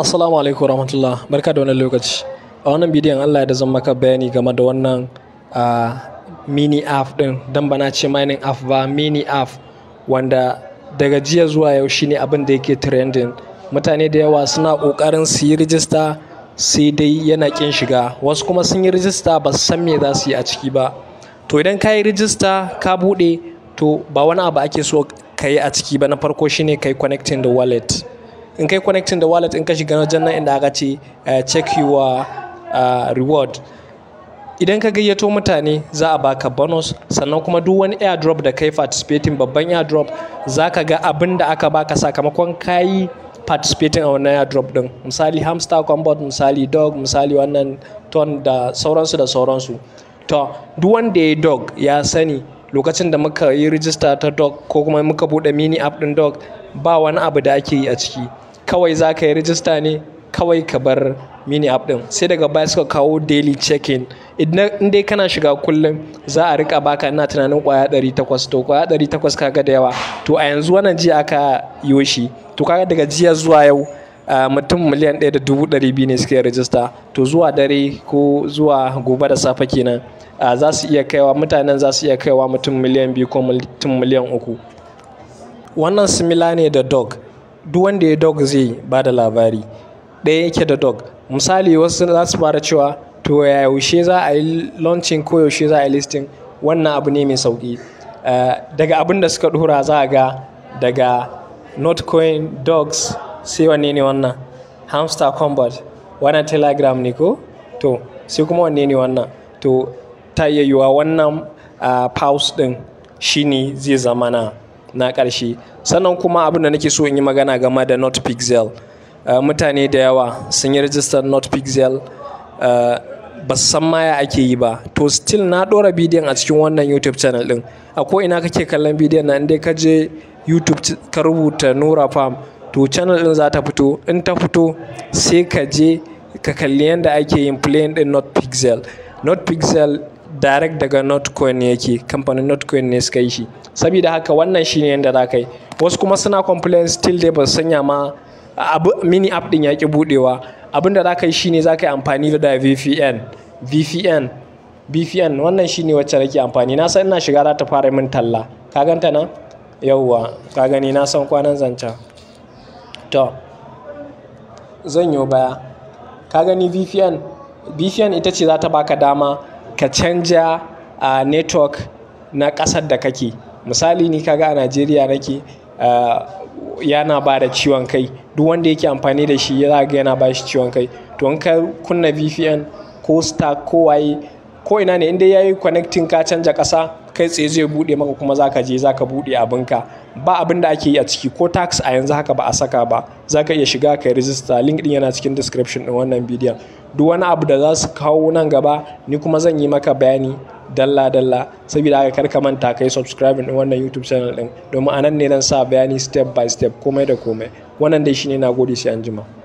Assalamu alaikum warahmatullah barka da wannan lokaci a wannan bidiyon Allah da zan maka bayani game da wannan mini app din dan bana ce mining app ba mini app wanda daga jiya zuwa yau shine abin da yake trending mutane da yawa suna kokarin su yi rijista sai dai yana kin shiga wasu kuma sun yi rijista ba su san me za su yi a ciki ba to idan ka yi rijista ka bude to ba wani abu ake so ka yi a ciki ba na farko shine kai connecting the wallet in kai connecting da wallet in ka shiga jannan inda aka ce eh, check your uh, reward idan ka gayyato mutane za a baka bonus sannan kuma duk wani airdrop da kai participating babban airdrop za ka ga abin da aka baka sakamakon kayi participating a wannan airdrop din misali hamster combat misali dog misali wannan ton da sauransu da sauransu to duk wanda ya dog ya sani lokacin da muka yi rijista ta dog ko kuma muka bude mini app din dog ba wani abu da ake yi a ciki kawai za ka yi rijista ne kawai ka bar mini app din sai daga baya suka kawo daily check-in in dai kana shiga kullum za a rika baka ina tunanin kwaya 800 to kwaya 800 kaga da yawa to a yanzu wannan ji aka yi shi to kaga daga jiya zuwa yau mutum miliyan ɗaya da dubu ɗari biyu ne suke rajista to zuwa dare ko zuwa gobe da safe kenan za su iya kaiwa mutanen za su iya kaiwa mutum miliyan biyu ko mutum miliyan uku wannan simila ne da dog duk wanda ya dog zai ba da labari ɗaya yake da dog misali wasu za su fara cewa to yaushe za a yi launching ko yaushe za a yi listing wannan abu ne mai sauki eh, daga abin da suka dora za a ga daga notcoin dogs sai wanne ne wannan hamster combat wannan telegram ne ko to sai kuma wanne ne wannan to ta yi yiwuwa wannan uh, ah, pause din shine zai zama na na ƙarshe sannan kuma abin da nake so in yi magana game da not pixel eh, mutane da yawa sun yi rijistar not pixel eh, ba san ma ya ake yi ba to still na ɗora bidiyon a cikin wannan youtube channel ɗin a ko ina kake kallon bidiyon na inda ka je youtube ka rubuta nura farm to channel ɗin za ta fito in ta fito sai ka je ka kalli yadda ake yin plane ɗin not pixel not pixel direct daga notcoin yake kamfanin notcoin ne suka yi shi saboda haka wannan shi ne yadda za ka yi wasu kuma suna complain still dai ba sanya ma mini app din yaƙi budewa abin da za ka yi ne za ka yi amfani da vpn vpn vpn wannan ne wacce nake amfani na san ina shiga za ta fara min talla ka ganta nan yauwa ka gani na san kwanan zanca to zan yi baya ka gani vpn vpn ita ce za ta baka dama ka canja a network na ƙasar da kake misali ni kaga a najeriya nake yana ba da ciwon kai duk wanda yake amfani da shi za ga yana ba shi ciwon kai to in ka kunna vpn ko star ko waye ko ina ne inda yayi connecting ka canja ƙasa kai tsaye zai buɗe maka kuma zaka je zaka buɗe ka ba abin da ake yi a ciki ko tax a yanzu haka ba a saka ba zaka iya shiga kai register link din yana cikin description din wannan bidiyon duk wani abu da za su kawo nan gaba ni kuma zan yi maka bayani dalla dalla saboda haka karka manta kai subscribing din wannan YouTube channel din domin anan ne zan sa bayani step by step komai da komai wannan dai shine nagode sai anjima